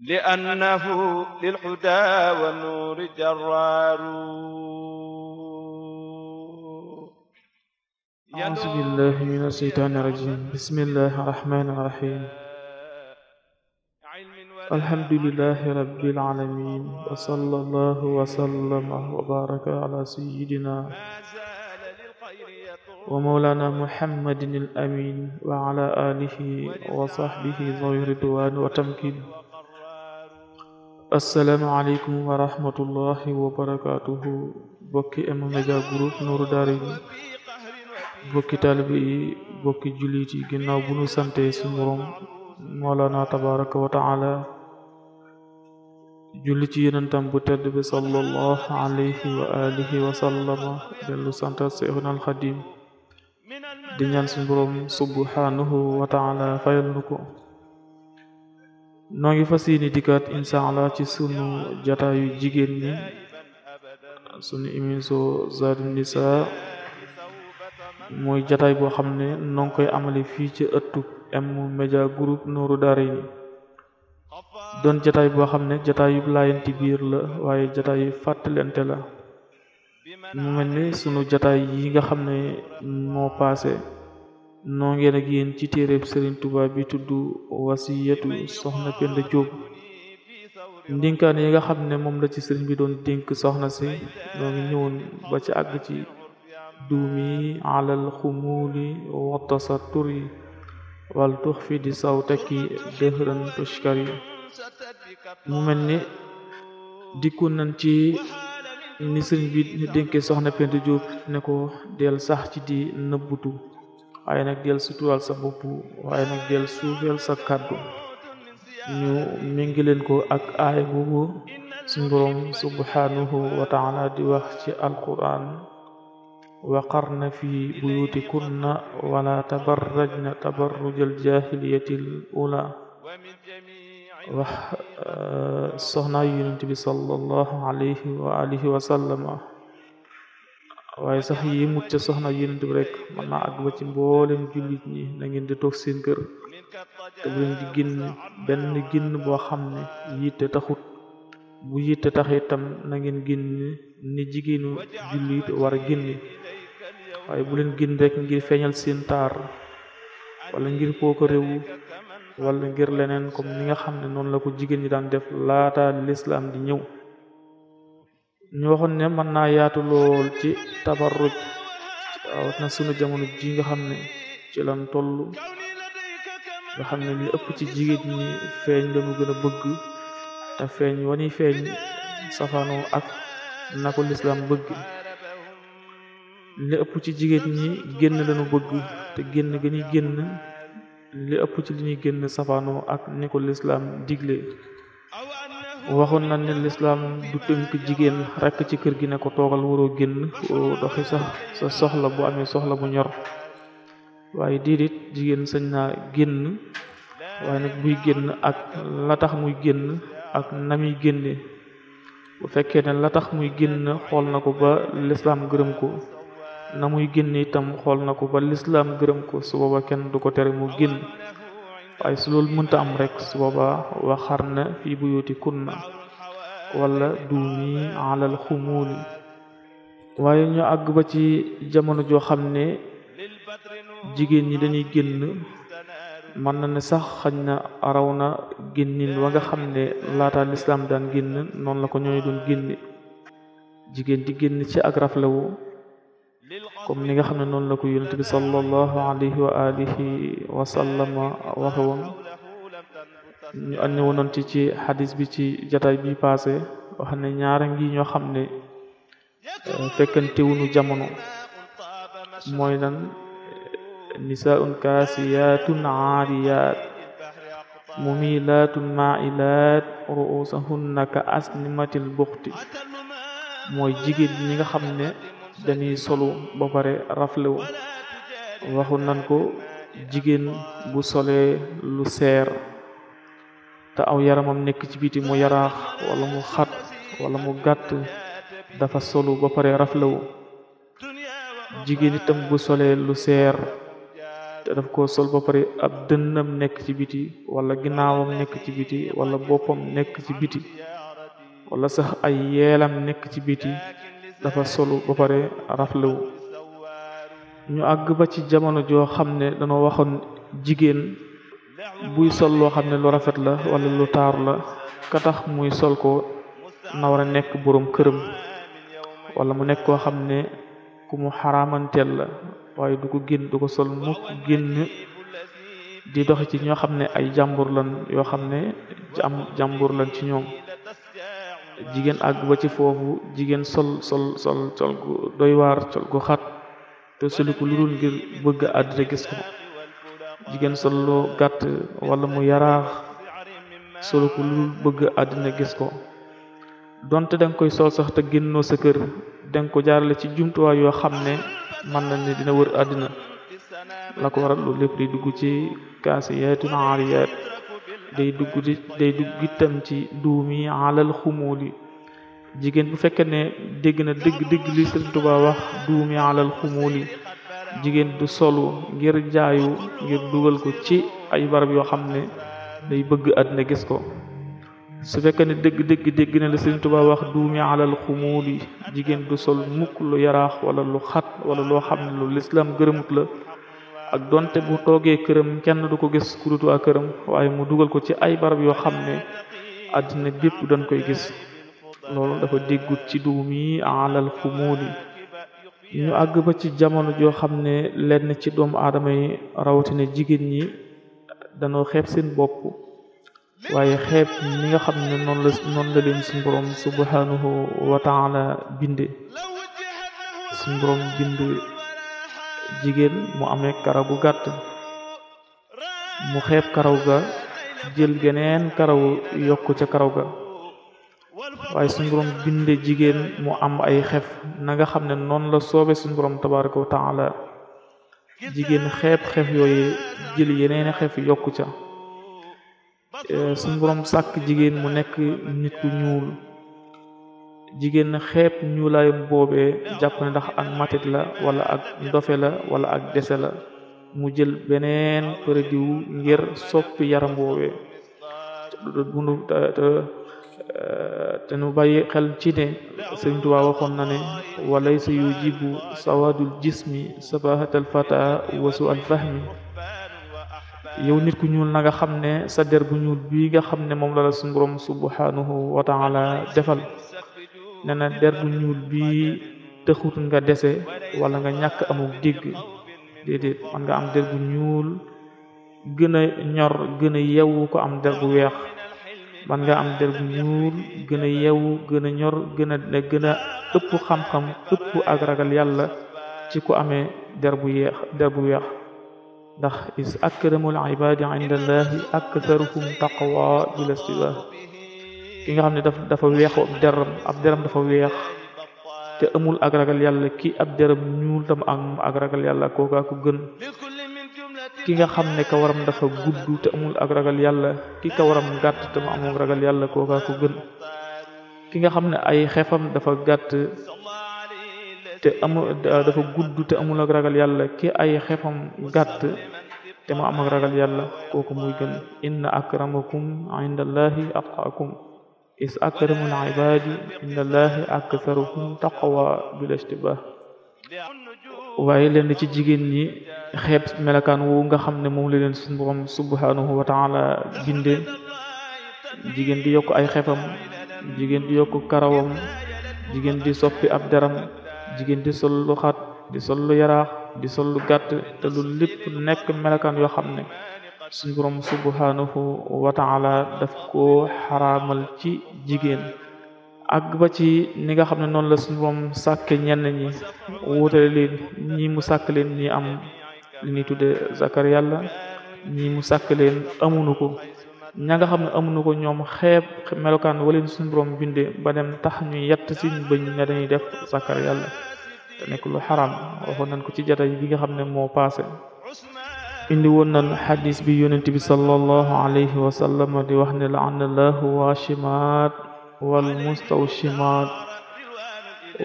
لأنه للحدى والنور جرار أعوذ بالله من الشيطان الرجيم بسم الله الرحمن الرحيم الحمد لله رب العالمين وصلى الله وسلم وبارك على سيدنا ومولانا محمد الأمين وعلى آله وصحبه ذوي الرضوان وتمكين asalaamaaleykum wa rahmatullahi wa barakaatuhu bokki m Group Nourou Darayni bokki taalibe bokki jullit yi ginnaaw bu nu sante suñu Boroom tabaraka wa taala julli ci yonentam bu tedd bi alayhi wa alihi wa sallama dellu santa Seexuna Alxadim di ñaan suñu Boroom wa taala fayal nu noo ngi fas yéene dikkaat insha ci sunu jataayu jigéen ñi sunu émission Zaadu Nisa mooy jataay boo xam ne noo koy amale fii ci ëttu M Media Group Nourou Darayni doon jataay boo xam ne jataayu laayanti biir la waaye jataayu fàttalante la mu mel ni sunu jataay yi nga xam ne moo paase noo ngeen a yéen ci téereb Sëriñ tubaab bi tudd wasiyatu soxna Penda Jóob ndénkaan yi nga xam ne moom la ci sëriñ bi doon dénk soxna si noo ngi ñëwoon ba ci àgg ci duumi alal xumuuli wa tasaturi wal tux fi di sawtaki tekki tushkari mu mel ni dikku nañ ci ni sëriñ bi dénkee soxna Penda Jóob ne ko del sax ci di nëbbutu waaye nag del su tuwal sa bopp waaye nag del suufeel sa kàddu ñu méngileen ko ak aay boobu suñ boroom di wax ci alquran wa qarna fi buyutikunna wala tabarrajna tabarrujal jahiliyatil ula wax soxnaa yonent bi sallallahu alayhi wa alihi waaye sax yi mut ca soxna yonent bi rek mën naa àgg ba ci mboolem jullit ñi na ngeen di toog seen kër te bu leen di génn benn génn boo xam ne yitte taxut bu yitte tax itam na ngeen génn ni jigéenu jullit war a génn waaye bu leen génn rek ngir feeñal seen taar wala ngir kooko réewu wala ngir leneen comme ni nga xam ne noonu la ko jigéen ñi daan def laata lislaam di ñëw ñu waxoon ne mën naa yaatu lool ci tabarruj waawat na sunu jamono ji nga xam ne ci lan tollu nga xam ne li ëpp ci jigéen ñi feeñ lañu gën a bëgg te feeñ wañuy feeñ safaanoo ak na ko lislaam bëgg li ëpp ci jigéen ñi génn lañu bëgg te génn ga génn li ëpp ci li ñuy génn safaanoo ak ni ko lislaam digle waxoon nañ ne lislaam du tënk jigéen rekk ci kër gi ne ko toogal waroo génn doxi sax soxla bu amee soxla bu ñor waaye déedéet jigéen sañ naa génn waaye nag buy génn ak la tax muy génn ak na muy génne bu fekkee ne la tax muy génn xool na ko ba lislaam gërëm ko na muy génn itam xool na ko ba lislaam gërëm ko su booba kenn du ko tere mu génn ay su loolu mënta am rek su boobaa waxarna fi buyuti kunna wala duumi alal xumuuli waaye ñu àgg ba ci jamono joo xam ne jigéen ñi dañuy génn mën na ne sax xañ na raw na génnin wa nga xam ne laata lislaam daan génn noonu la ko ñooy doon génne jigéen di génn ci ak raflewu comme ni nga xam ne noonu la ko yonent bi sallallahu alayhi wa alihi wa sallam waxe woon ñu andi woon ci ci xadis bi ci jataay bi passé wax ne ñaara ngi ñoo xam ne euh, fekkantewuñu jamono mooy lan nisaa'un kaasiyaatun aariyaat mumilaatun mailaat ru'usahunna ka asnimatil buxti mooy jigéen ñi nga xam ne dañuy solu ba pare raflewu waxu nan ko jigéen bu solee lu seer te aw yaramam nekk ci biti mu yaraax wala mu xat wala mu gàtt dafa solu ba pare raflewu jigéen itam bu solee lu seer te daf ko sol ba pare ab dënnam nekk ci biti wala ginnaawam nekk ci biti wala boppam nekk ci biti wala sax ay yeelam nekk ci biti dafa solu ba pare raflewu ñu àgg ba ci jamono joo xam ne dañoo waxoon jigéen buy sol loo xam ne lu rafet la wala lu taaru la ka tax muy sol ko na war a nekk boroom këram wala mu nekk koo xam ne ku mu xaraamanteel la waaye du ko génn du ko sol mukk génn di dox ci ñoo xam ne ay jàmbur lan yoo xam ne jàmbur lan ci ñoom jigéen àgg ba ci foofu jigéen sol sol sol sol gu doy waar sol gu xat te soliku lu dul ngir bëgg àddina gis ko jigéen sol loo gàtt wala mu yaraax soliku lu dul bëgg àddina gis ko donte danga koy sol sax te génnoo sa kër danga ko jaarale ci jumtuwaay yoo xam ne mën na ne dina wër àddina la ko waral loolu lépp di dugg ci kaasiyaatun aariyaat day dugg day dugg itam ci duumi alal xumuuli jigéen bu fekkee ne dégg na dëgg dëgg li Sëriñ Tuubaa wax duumi alal xumuuli jigéen du solu ngir jaayu ngir dugal ko ci ay barab yoo xam ne day bëgg àddina gis ko su fekkee ne dëgg dëgg dégg na la Sëriñ Tuubaa wax duumi alal xumuuli jigéen du sol mukk lu yaraax wala lu xat wala loo xam ne lu lislaam gërëmut la ak donte bu toogee këram kenn du ko gis ku dut këram waaye mu dugal ko ci ay barab yoo xam ne àddina bépp dañ koy gis loolu dafa déggut ci duum yi alal xumuuli ñu àgg ba ci jamono joo xam ne lenn ci doomu aadama yi rawatina jigéen ñi danoo xeeb seen bopp waaye xeeb ñi nga xam ne noonu la noonu la leen suñu borom subhanahu wa taala binde suñu borom binde jigéen mu amee karaw gu gàtt mu xeeb karaw ga jël geneen karaw yokk ca karaw ga waaye suñu borom binde jigéen mu am ay xef nanga xam ne noonu la soobe suñu borom tabaraka wa taala jigéen xeeb xef yooyu jël yeneeni xef yokku ca eh, suñu sàkk jigéen mu nekk nit ku ñuul jigéen xeeb ñuulaayum boobee jàpp ne ndax ak matit la wala ak ndofe la wala ak dese la mu jël beneen produit ngir soppi yaram boobee bunu te nu xel ci ne Sëriñ Tuubaa waxoon na ne walaysa yujibu sawadul jismi sabahatal fata wasu al yow nit ku ñuul na nga xam ne sa der bu ñuul bii nga xam ne moom la la suñu borom defal ne na der bu ñuul bi tëxut nga dese wala nga ñàkk amuk digg déedéet man nga am der bu ñuul gën a ñor gën a ko am der bu weex man nga am der bu ñuul gën a yewu gën a ñor gën a gën a ëpp xam-xam ëpp ak ragal yàlla ci ku amee der bu yeex der bu weex ndax is akramul ibadi inda allahi aktharuhum taqwa bila siwa ki nga xam ne dafa dafa weexu ab ab deram dafa weex te amul ak ragal yàlla ki ab deram ñuul tam am ak ragal yàlla kookaa ko gën ki nga xam ne kawaram dafa gudd te amul ak ragal yàlla ki kawaram gàtt te mu amul ragal yàlla kookaa ko gën ki nga xam ne ay xefam dafa gàtt te amul dafa gudd te amul ak ragal yàlla ki ay xefam gàtt te mu am ak ragal yàlla kooku muy gën inna akramakum indallahi atqaakum is akramu al-ibaadi inna allahi aktharuhum taqwa bil ishtibah waaye leen ci jigéen ñi xeeb melakaan wu nga xam ne moom la leen suñu borom subhanahu wa taala bindee jigéen di yokk ay xefam jigéen di yokk karawam jigéen di soppi ab daram jigéen di sol lu xat di sol lu yaraax di sol lu gàtt te lu lépp nekk melakaan yoo xam ne suñu borom subhanahu wa ta'ala daf ko xaraamal ci jigéen ak ba ci ni nga xam ne noonu la suñu borom sàkke ñenn ñi wuutale leen ñi mu sàkk leen ñi am li ñuy tudde zakar yàlla ñi mu sàkk leen amunu ko ña xam ne amunu ko ñoom xeeb melokaan waleen suñu borom binde ba dem tax ñu yett si bëñ ne dañuy def zakar yàlla nekk lu xaraam waxoon ko ci jataay bi nga xam ne moo paase indi woon nan xadis bi yonent bi sallallahu alayhi wa sallam di wax ne laana allahu waashimaat wal mustawshimaat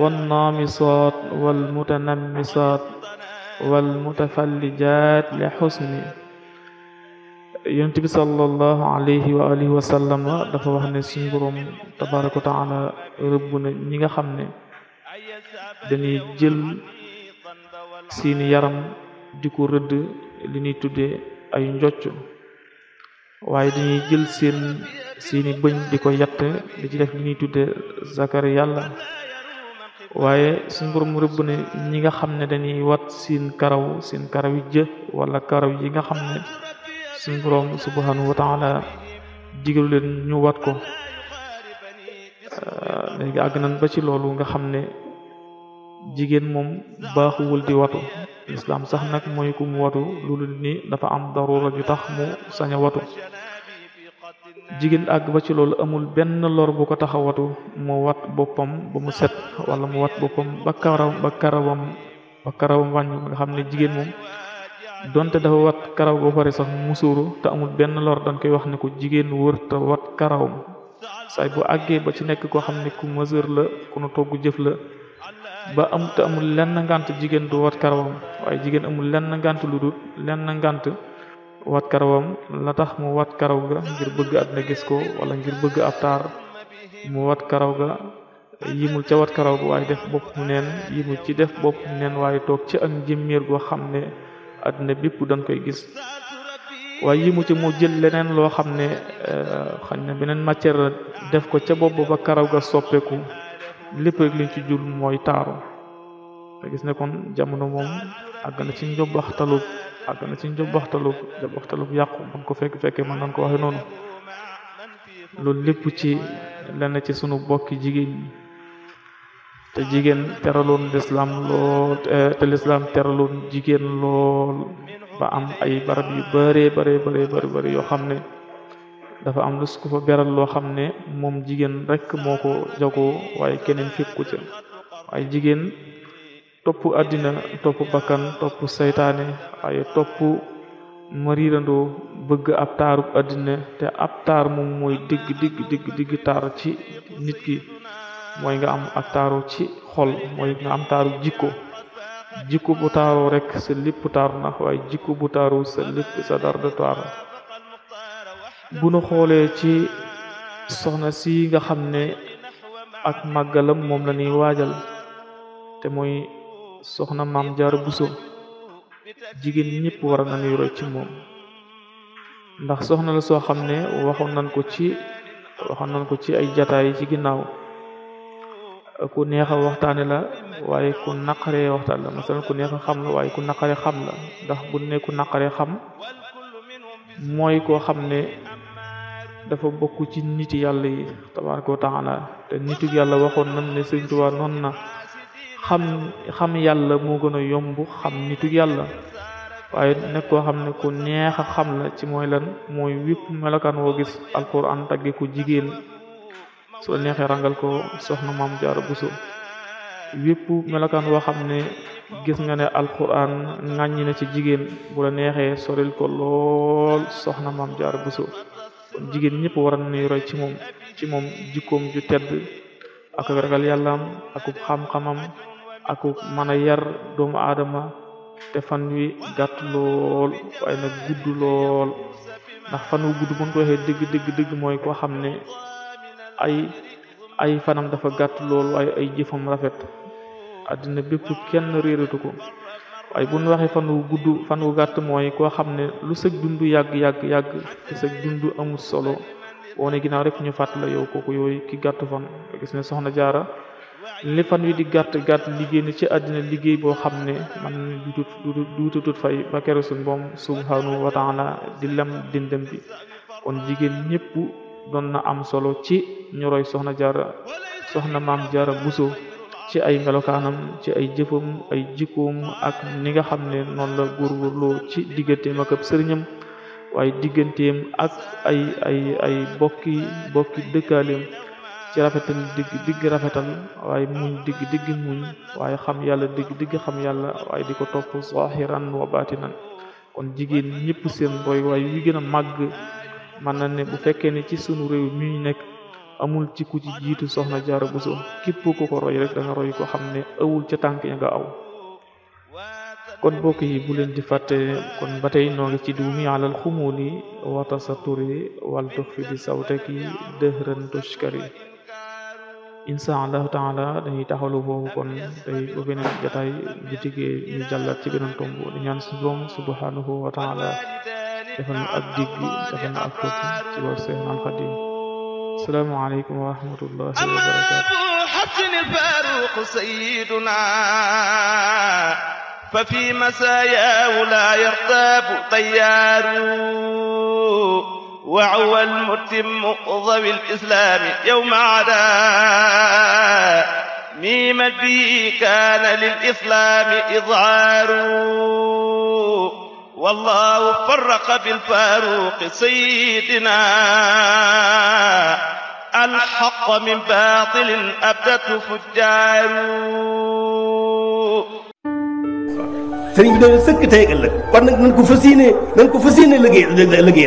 wan naamisaat wal mutanammisaat wal mutafallijaat li xusni bi sallallahu alayhi wa alihi wa sallam dafa wax ne suñu borom tabaraka wa taala rëbb na ñi nga xam ne dañuy jël seeni yaram di ko rëdd li ñuy tuddee ay njocc waaye dañuy jël seen seeni bëñ di ko yatt di ci def li ñuy tuddee zakar yàlla waaye su borom rëbb ne ñi nga xam ne dañuy wat seen karaw seen karaw yi jë wala karaw yi nga xam ne suñ borom subhanahu wa taala digalu leen ñu wat ko léegi àgg nañ ba ci loolu nga xam ne jigéen moom baaxuwul di watu lislaam sax nag mooy ku mu watu loolu ni dafa am darura ju tax mu sañ a watu jigéen àgg ba ci loolu amul benn lor bu ko tax watu mu wat boppam ba mu set wala mu wat boppam ba karaw ba karawam ba karawam wàññu nga xam ne jigéen moom donte dafa wat karaw ba pare sax musuru te amul benn lor dañ koy wax ne ko jigéen wër te wat karawam saay bu àggee ba ci nekk koo xam ne ku mesure la ku nu togg jëf la ba am te amul lenn ngant jigéen du wat karawam waaye jigéen amul lenn ngant lu du lenn ngant wat karawam la tax mu wat karaw ga ngir bëgg àddina gis ko wala ngir bëgg ab taar mu wat karaw ga yimul ca wat karaw ga waaye def bopp mu neen yimul ci def bopp mu neen waaye toog ci ak njëmmiir goo xam ne àddina bépp dañ koy gis waaye yimu ci moo jël leneen loo xam ne eh, xam ne beneen matière def ko ca bopp ba karaw ga soppeeku lépp rek liñ ci jul mooy taaru te gis ne kon jamono moom àgg na ci njobbaxtalub àgg na ci njobbaxtalub njobbaxtalub yàqu mën ko fekk fekkee mën nañ ko waxe noonu loolu lépp ci lenn ci sunu bokki jigéen te jigéen teraloon lislaam lool te lislaam teraloon jigéen lool ba am ay barab yu bare bare bare bare bare yoo xam ne dafa am lus ku fa beral loo xam ne moom jigéen rekk moo ko jagoo waaye keneen fekku ca waaye jigéen topp àddina topp bakkan topp seytaane waaye topp mariirandoo bëgg ab taarub àddina te ab taar moom mooy digg digg digg taar ci nit ki mooy nga am ab taaru ci xol mooy nga am taaru jikko jikko bu taaroo rek sa lépp taaru na waaye jikko bu taaroo sa lépp sa dar de taar bu nu xoolee ci soxna si nga xam ne ak màggalam moom la ñuy waajal te mooy soxna maam Jaara Buso jigéen ñépp war nañu roy ci moom ndax soxna la soo xam ne waxoon nañ ko ci waxoon nañ ko ci ay jataay ci ginnaaw ku neex a waxtaane la waaye ku naqaree waxtaan la masalan ku neex xam la waaye ku naqaree xam la ndax bu ne ku xam mooy koo xam ne dafa bokk ci niti yàlla yi tabaraka wa taala te nitu yàlla waxoon nan ne sëñ Tuubaa noon na xam xam yàlla moo gën a yomb xam nitu yàlla waaye nekk koo xam ne ku neex a xam la ci mooy lan mooy wépp melokaan woo gis alquran tagge jigéen soo neexee rangal ko soxna maam jaara buso wépp melokaan woo xam ne gis nga ne alquran ŋàññi na ci jigéen bu la neexee soril ko lool soxna maam jaara buso jigéen ñëpp war nañu roy ci moom ci moom jikkoom ju tedd ak ragal yàllaam ak xam-xamam ak mën a yar doomu aadama te fan wi gàtt lool waaye nag gudd lool ndax fan wu gudd bu ñu ko waxee dëgg dëgg dëgg mooy koo xam ne ay ay fanam dafa gàtt lool waaye ay jëfam rafet àddina bépp kenn réeratu ko ay bu ñu waxee fan wu gudd fan wu gàtt mooy koo xam ne lu sëg dund yàgg yàgg yàgg te sëg dund amul solo boo ne ginnaaw rek ñu fàttala yow kooku yooyu ki gàtt fan gis ne soxna jaara li fan wi di gàtt gàtt liggéey na ci àddina liggéey boo xam ne man duutut duututut fay ba kere suñ boom subhanahu wa taala di lam dindam bi kon jigéen ñëpp doon na am solo ci ñu roy soxna jaara soxna maam jaara buso ci ay melokaanam ci ay jëfam ay jikkoom ak ni nga xam ne noonu la góorgóorloo ci digganteem ak ab sëriñam waaye digganteem ak ay ay ay bokki bokki dëkkaaleem ci rafetal digg digg rafetal waaye muñ digg digg muñ waaye xam yàlla digg digg xam yàlla waaye di ko topp zahiran wa batinan kon jigéen ñëpp seen roy waaye yu gën a màgg mën bu fekkee ne ci sunu réew mi nekk amul ci ci jiitu soxna jaara buso képp ku ko roy rek da nga roy ko xam ne awul ca tànk ya nga aw kon mbokk yi bu leen di fàtte kon ba tey noo ngi ci duumi alal xumuli watasaturi wal tux fi di sawtaki dëhran tushkari insha allahu taala dañuy taxalu foofu kon tey bu ci beneen tomb di ñaan suñu borom subhanahu wa salaamaaleykum wa rahmatullahi wa barakaatu حسن الفاروق سيدنا ففي مساياه لا يرتاب طيار وعوى المتم ضوي الإسلام يوم عدا ميم به كان للإسلام إظهار والله فرق بالفاروق سيدنا الحق من باطل أبدته فجار sëriñ bi de sëkk tey ëllëg kon nag nañ ko fas yéene nañ ko fas yéene liggéey liggéey